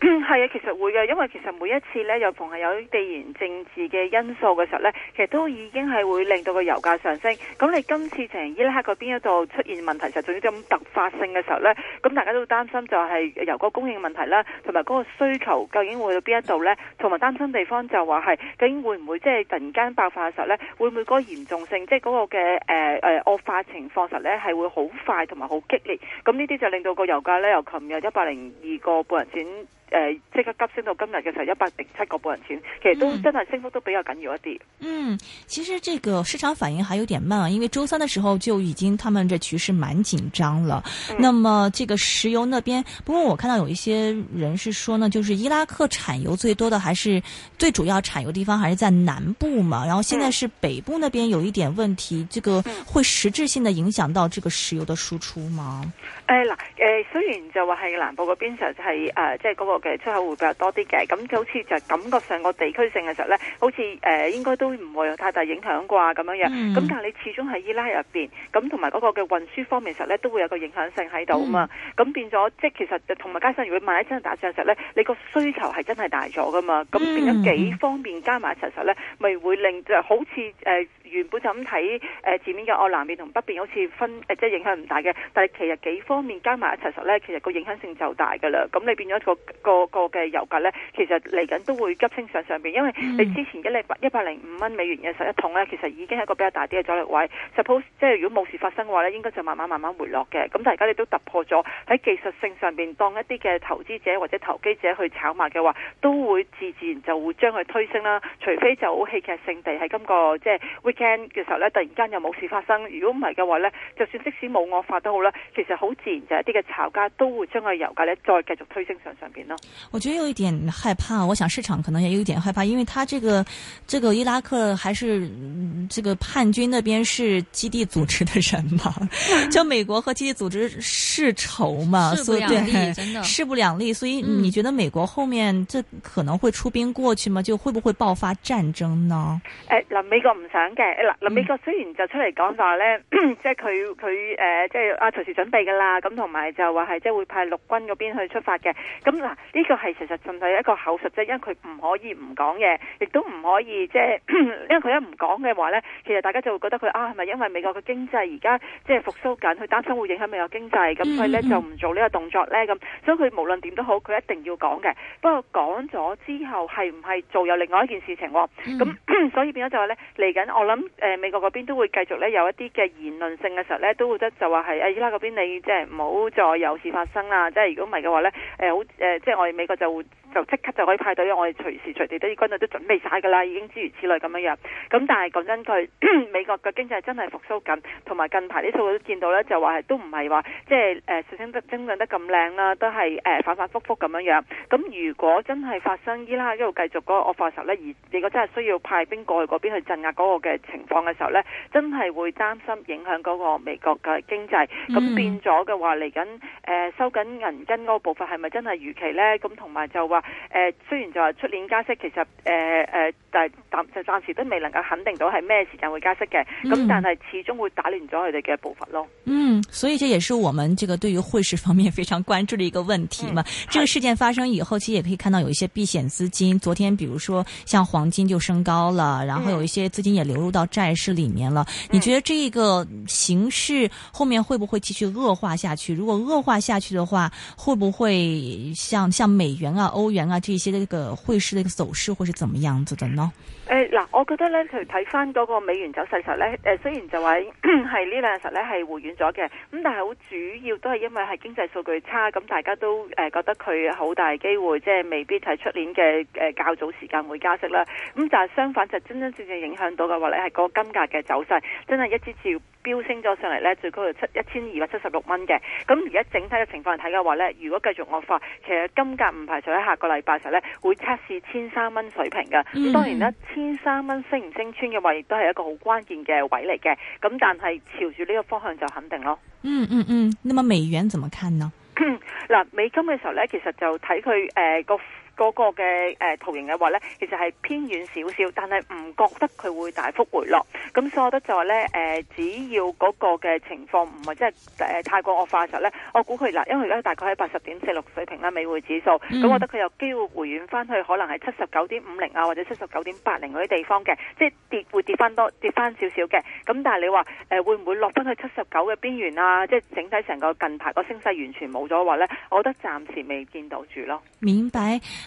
嗯，係啊，其實會噶，因為其實每一次呢，又逢係有地緣政治嘅因素嘅時候呢，其實都已經係會令到個油價上升。咁你今次成伊拉克嗰邊一度出現問題時，其實仲要咁突發性嘅時候呢，咁大家都擔心就係油個供應的問題啦，同埋嗰個需求究竟會去到邊一度呢？同埋擔心地方就話係究竟會唔會即係突然間爆發嘅時候呢，會唔會嗰個嚴重性，即係嗰個嘅誒誒惡化情況實呢，係會好快同埋好激烈。咁呢啲就令到個油價呢，由琴日一百零二個半人錢，呃，即刻急升到今日嘅時候一百零七個半美元錢，其實都、嗯、真係升幅都比較緊要一啲。嗯，其實這個市場反應還有點慢啊，因為周三的時候就已經他們這局勢蠻緊張了。嗯、那麼這個石油那邊，不過我看到有一些人是說呢，就是伊拉克產油最多的還是最主要產油地方還是在南部嘛，然後現在是北部那邊有一點問題，這個會實質性的影響到這個石油的輸出嗎？誒嗱、呃，誒、呃、雖然就話係南部嗰邊、呃、就係誒即係嗰個。嘅出口會比較多啲嘅，咁就好似就感覺上個地區性嘅時候咧，好似誒、呃、應該都唔會有太大影響啩咁樣樣。咁、嗯、但係你始終喺伊拉克入邊，咁同埋嗰個嘅運輸方面實咧，都會有個影響性喺度啊嘛。咁、嗯、變咗即係其實同埋加上如果萬一真係打仗嘅時候咧，你個需求係真係大咗噶嘛。咁、嗯、變咗幾方面加埋一齊實咧，咪會令就好似原本就咁睇誒字面嘅，我南面同北邊好似分、呃、即係影響唔大嘅。但係其實幾方面加埋一齊，實咧，其實個影響性就大嘅啦。咁你變咗、嗰個、嗰個嘅、嗰個、油價咧，其實嚟緊都會急升上上邊，因為你之前一粒一百零五蚊美元嘅十一桶咧，其實已經係一個比較大啲嘅阻力位。Suppose 即係如果冇事發生嘅話咧，應該就慢慢慢慢回落嘅。咁但係而家你都突破咗喺技術性上邊，當一啲嘅投資者或者投機者去炒賣嘅話，都會自自然就會將佢推升啦。除非就好戲劇性地喺今、這個。即、就、係、是嘅時候呢，突然間又冇事發生。如果唔係嘅話呢，就算即使冇惡化都好啦，其實好自然就係一啲嘅炒家都會將個油價呢再繼續推升上上邊咯。我覺得有一點害怕，我想市場可能也有一點害怕，因為他這個這個伊拉克還是、嗯、這個叛軍那邊是基地組織的人嘛，就 美國和基地組織是仇嘛， 所以 對，勢不兩立，立。所以、嗯、你覺得美國後面這可能會出兵過去嗎？就會不會爆發戰爭呢？誒、哎，嗱、啊，美國唔想嘅。嗱，嗯、美國雖然就出嚟講話咧，即係佢佢誒，即係、呃就是、啊隨時準備噶啦，咁同埋就話係即係會派陸軍嗰邊去出發嘅。咁嗱，呢、啊這個係其實淨係一個口述啫，因為佢唔可以唔講嘢，亦都唔可以即係，因為佢一唔講嘅話咧，其實大家就會覺得佢啊係咪因為美國嘅經濟而家即係復蘇緊，佢擔心會影響美國的經濟，咁佢咧就唔做呢個動作咧咁。所以佢無論點都好，佢一定要講嘅。不過講咗之後係唔係做有另外一件事情，咁所以變咗就話咧嚟緊我諗。咁誒，美國嗰邊都會繼續咧有一啲嘅言論性嘅時候咧，都會得就話係阿伊拉克嗰邊你，你即係唔好再有事發生啦。即係如果唔係嘅話咧，誒好誒，即係我哋美國就會。就即刻就可以派隊，我哋隨時隨地都要軍隊都準備曬㗎啦，已經諸如此類咁樣樣。咁但係講真，佢美國嘅經濟真係復甦緊，同埋近排啲數據都見到咧，就話係都唔係話即係誒上升得增長得咁靚啦，都係誒、呃、反反覆覆咁樣樣。咁如果真係發生伊拉克繼續嗰個惡化時候咧，而如果真係需要派兵過去嗰邊去鎮壓嗰個嘅情況嘅時候咧，真係會擔心影響嗰個美國嘅經濟。咁變咗嘅話嚟緊、呃、收緊銀根嗰個步伐係咪真係預期咧？咁同埋就誒、呃，雖然就話出年加息，其實呃呃但暫暫時都未能夠肯定到係咩時間會加息嘅。咁、嗯、但係始終會打亂咗佢哋嘅步伐咯。嗯，所以這也是我們這個對於匯市方面非常關注的一個問題嘛。嗯，這個事件發生以後，其實也可以看到有一些避險資金，昨天比如說像黃金就升高了，然後有一些資金也流入到債市裏面了。嗯，你覺得這個形勢後面會不會繼續惡化下去？如果惡化下去嘅話，會不會像像美元啊歐？員啊，這些的這個匯市的一個走勢會是怎麼樣子的呢？嗱、啊，我覺得咧，佢睇翻嗰個美元走勢時候咧，誒、呃、雖然就話係呢兩日實咧係回軟咗嘅，咁但係好主要都係因為係經濟數據差，咁大家都誒、呃、覺得佢好大機會，即係未必係出年嘅誒、呃、較早時間會加息啦。咁但係相反就真真正正影響到嘅話咧，係個金價嘅走勢真係一次次飆升咗上嚟咧，最高就七一千二百七十六蚊嘅。咁而家整體嘅情況睇嘅話咧，如果繼續惡化，其實金價唔排除喺下個禮拜時候咧會測試千三蚊水平嘅。咁、嗯、當然啦。千。三蚊升唔升穿嘅話亦都係一個好關鍵嘅位嚟嘅，咁但係朝住呢個方向就肯定咯。嗯嗯嗯，那麼美元怎麼看呢？嗱，美金嘅時候咧，其實就睇佢誒個。嗰個嘅誒圖形嘅話咧，其實係偏遠少少，但係唔覺得佢會大幅回落。咁所以我覺得就係咧誒，只要嗰個嘅情況唔係真係誒太過惡化嘅時候咧，我估佢嗱，因為而家大概喺八十點四六水平啦，美匯指數，咁我覺得佢有機會回軟翻去，可能係七十九點五零啊，或者七十九點八零嗰啲地方嘅，即係跌會跌翻多跌翻少少嘅。咁但係你話誒會唔會落翻去七十九嘅邊緣啊？即係整體成個近排個升勢完全冇咗話咧，我覺得暫時未見到住咯。明白。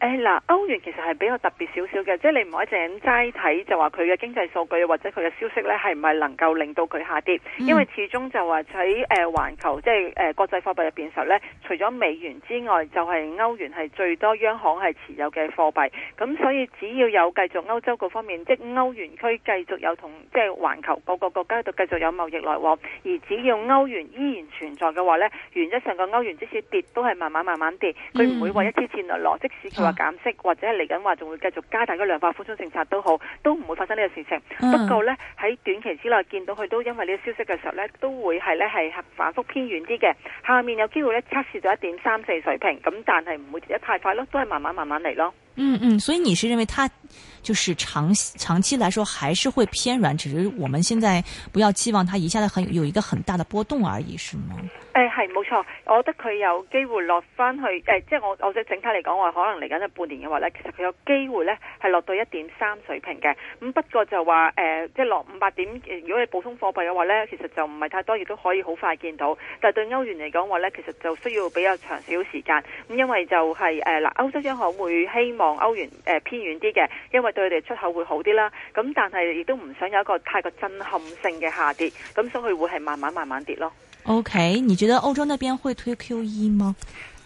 誒，嗱、哎，歐元其實係比較特別少少嘅，即係你唔可以淨咁齋睇，就話佢嘅經濟數據或者佢嘅消息咧，係唔係能夠令到佢下跌？因為始終就話喺環球，即係、呃、國際貨幣入邊時候咧，除咗美元之外，就係、是、歐元係最多央行係持有嘅貨幣。咁所以只要有繼續歐洲各方面，即係歐元區繼續有同即係環球各個，各個國家度繼續有貿易來往，而只要歐元依然存在嘅話咧，原則上個歐元即使跌都係慢慢慢慢跌，佢唔、嗯、會話一啲錢略落，即使減息或者嚟緊話仲會繼續加大嗰量化寬鬆政策都好，都唔會發生呢個事情。不過呢，喺短期之內見到佢都因為呢個消息嘅時候呢，都會係呢係反复偏軟啲嘅。下面有機會呢測試咗一點三四水平，咁但係唔會跌得太快咯，都係慢慢慢慢嚟咯。嗯嗯，所以你是認為它就是長長期來說還是會偏軟，只是我們現在不要期望它一下子很有一個很大的波動而已，是嗎？誒係冇錯，我覺得佢有機會落翻去誒、呃，即係我我覺得整體嚟講話，可能嚟緊嘅半年嘅話咧，其實佢有機會咧係落到一點三水平嘅。咁不過就話誒、呃，即係落五百點，如果你普通貨幣嘅話咧，其實就唔係太多，亦都可以好快見到。但係對歐元嚟講話咧，其實就需要比較長少時間。咁因為就係誒嗱，歐、呃、洲央行會希望，往歐元誒、呃、偏遠啲嘅，因為對佢哋出口會好啲啦。咁但係亦都唔想有一個太過震撼性嘅下跌，咁所以佢會係慢慢慢慢跌咯。OK，你覺得歐洲那邊會推 QE 嗎？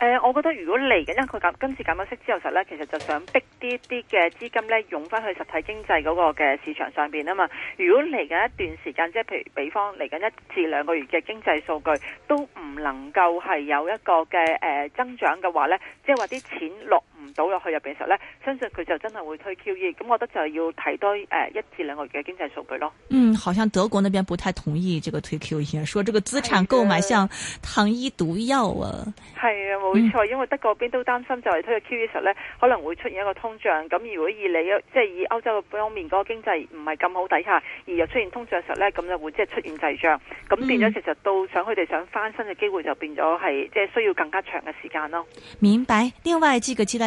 誒、呃，我覺得如果嚟緊，因為佢今今次減咗息之後實咧，其實就想逼啲啲嘅資金咧，湧翻去實體經濟嗰個嘅市場上邊啊嘛。如果嚟緊一段時間，即係譬如比方嚟緊一至兩個月嘅經濟數據都唔能夠係有一個嘅誒、呃、增長嘅話咧，即係話啲錢落。倒落去入邊嘅時候咧，相信佢就真係會推 QE，咁我覺得就要睇多誒、呃、一至兩個月嘅經濟數據咯。嗯，好像德國那邊不太同意這個推 QE，說這個資產購買像糖衣毒藥啊。係啊的，冇、嗯、錯，因為德國邊都擔心就係推 QE 嘅時候咧，可能會出現一個通脹。咁如果以你即係、就是、以歐洲嘅方面嗰個經濟唔係咁好底下，而又出現通脹嘅時候咧，咁就會即係出現滯脹，咁變咗其實到想佢哋想翻身嘅機會就變咗係即係需要更加長嘅時間咯。嗯、明白。另外知嘅知啦。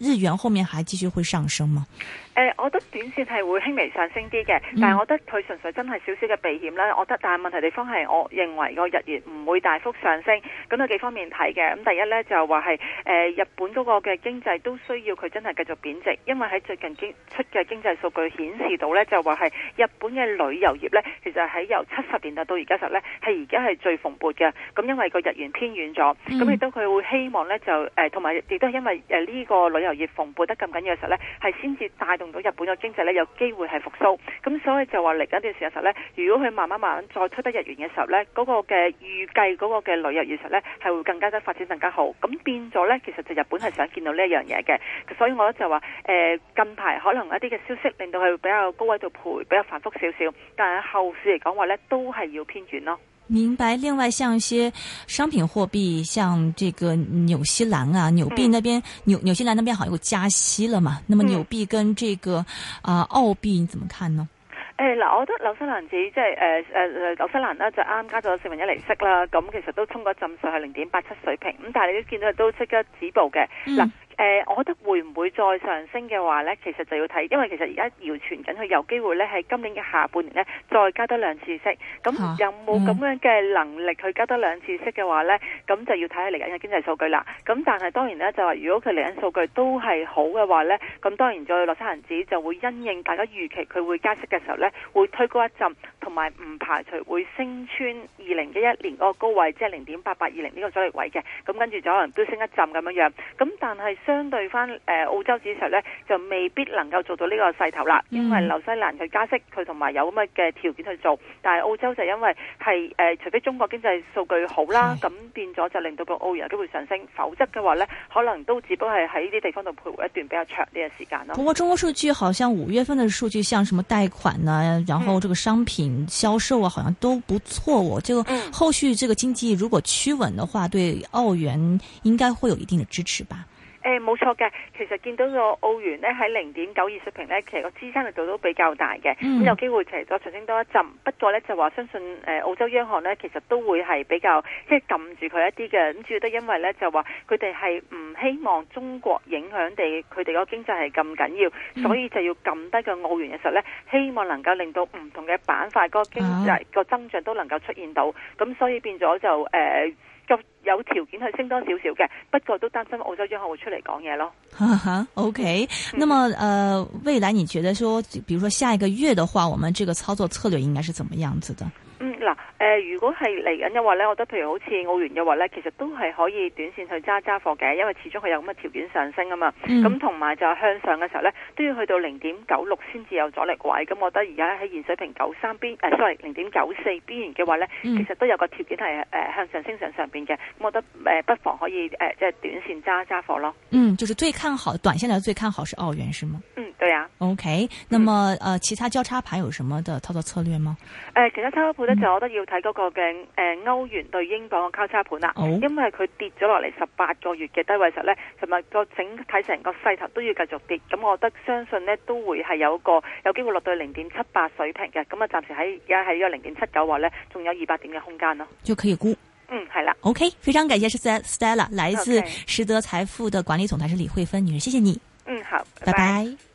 日元後面還繼續會上升嗎？誒、呃，我覺得短線係會輕微上升啲嘅，嗯、但係我覺得佢純粹真係少少嘅避險啦。我覺得，但係問題地方係，我認為個日元唔會大幅上升。咁有幾方面睇嘅，咁、嗯、第一咧就話係誒日本嗰個嘅經濟都需要佢真係繼續貶值，因為喺最近經出嘅經濟數據顯示到咧就話係日本嘅旅遊業咧，其實喺由七十年代到而家實咧係而家係最蓬勃嘅。咁因為個日元偏軟咗，咁亦、嗯、都佢會希望咧就誒，同埋亦都係因為誒呢個旅遊。就業蓬勃得咁緊要嘅時候呢，係先至帶動到日本嘅經濟呢有機會係復蘇咁，所以就話嚟緊一段時間時候咧，如果佢慢，慢慢慢再推得日元嘅時候呢，嗰、那個嘅預計嗰個嘅旅遊業實呢係會更加得發展更加好咁變咗呢，其實就日本係想見到呢一樣嘢嘅，所以我咧就話誒、呃、近排可能一啲嘅消息令到佢比較高位度賠比較繁復少少，但係後市嚟講話呢，都係要偏軟咯。明白，另外像一些商品貨幣，像這個紐西蘭啊，紐幣那邊、嗯、紐紐西蘭那邊好像有加息了嘛，嗯、那麼紐幣跟這個啊、呃、澳幣，你怎麼看呢？誒嗱、哎，我覺得紐西蘭指，即係誒誒誒，紐西蘭呢，就啱加咗四分一厘息啦，咁其實都衝過浸上係零點八七水平，咁但係你都見到都即刻止步嘅嗱。嗯誒、呃，我覺得會唔會再上升嘅話呢？其實就要睇，因為其實而家謠傳緊佢有機會呢係今年嘅下半年呢再加多兩次息。咁有冇咁樣嘅能力，去加多兩次息嘅話呢？咁就要睇下嚟緊嘅經濟數據啦。咁但係當然呢，就話如果佢嚟緊數據都係好嘅話呢，咁當然再落三毫子就會因應大家預期佢會加息嘅時候呢，會推高一浸。同埋唔排除會升穿二零一一年嗰個高位，即係零點八八二零呢個阻力位嘅。咁跟住就可能都升一浸咁樣樣。咁但係相對翻誒，澳洲市場咧，就未必能夠做到呢個勢頭啦。嗯、因為紐西蘭佢加息，佢同埋有咁嘅條件去做。但係澳洲就因為係誒、呃，除非中國經濟數據好啦，咁是變咗就令到個澳元都會上升。否則嘅話咧，可能都只不過係喺呢啲地方度徘徊一段比較長啲嘅時間咯。不過中國數據好像五月份嘅數據，像什麼貸款啊，然後這個商品、啊。嗯銷售啊，好像都不錯哦，我這個後續這個經濟如果趨穩的話，對澳元應該會有一定的支持吧。誒，冇錯嘅，其實見到個澳元咧喺零點九二水平咧，其實個支撐力度都比較大嘅，咁、嗯、有機會其實再提升多一浸，不過咧就話相信誒澳洲央行咧其實都會係比較即係撳住佢一啲嘅，咁主要都因為咧就話佢哋係唔希望中國影響地佢哋個經濟係咁緊要，嗯、所以就要撳低個澳元嘅時候咧，希望能夠令到唔同嘅板塊嗰、那個經濟個增長都能夠出現到，咁、啊、所以變咗就誒。呃有條件去升多少少嘅，不過都擔心澳洲央行會出嚟講嘢咯。哈哈，OK，那麼呃，未來你覺得說，比如說下一個月的話，我們這個操作策略應該是怎麼樣子的？誒、呃，如果係嚟緊嘅話咧，我覺得譬如好似澳元嘅話咧，其實都係可以短線去揸揸貨嘅，因為始終佢有咁嘅條件上升啊嘛。咁同埋就向上嘅時候咧，都要去到零點九六先至有阻力位。咁我覺得而家喺現水平九三邊誒，sorry 零點九四邊緣嘅話咧，其實都有個條件係誒向上升上上邊嘅。我覺得誒不妨可以誒即係短線揸揸貨咯。嗯，就是最看好，短線嚟最看好是澳元是嗎？嗯。對啊，OK。那麼，嗯、呃，其他交叉盤有什麼的操作策略嗎？誒、呃，其他交叉盤呢，就我覺得要睇嗰個嘅誒歐元對英鎊嘅交叉盤啦，哦、因為佢跌咗落嚟十八個月嘅低位實呢，同埋個整體成個勢頭都要繼續跌。咁我覺得相信呢，都會係有個有機會落到零點七八水平嘅。咁啊，暫時喺而家呢個零點七九話呢，仲有二百點嘅空間咯。就可以估。嗯，係啦，OK。非常感謝，是 Stella Okay. 來自實德財富的管理總裁，是李慧芬女士，謝謝你。嗯，好，bye bye 拜拜。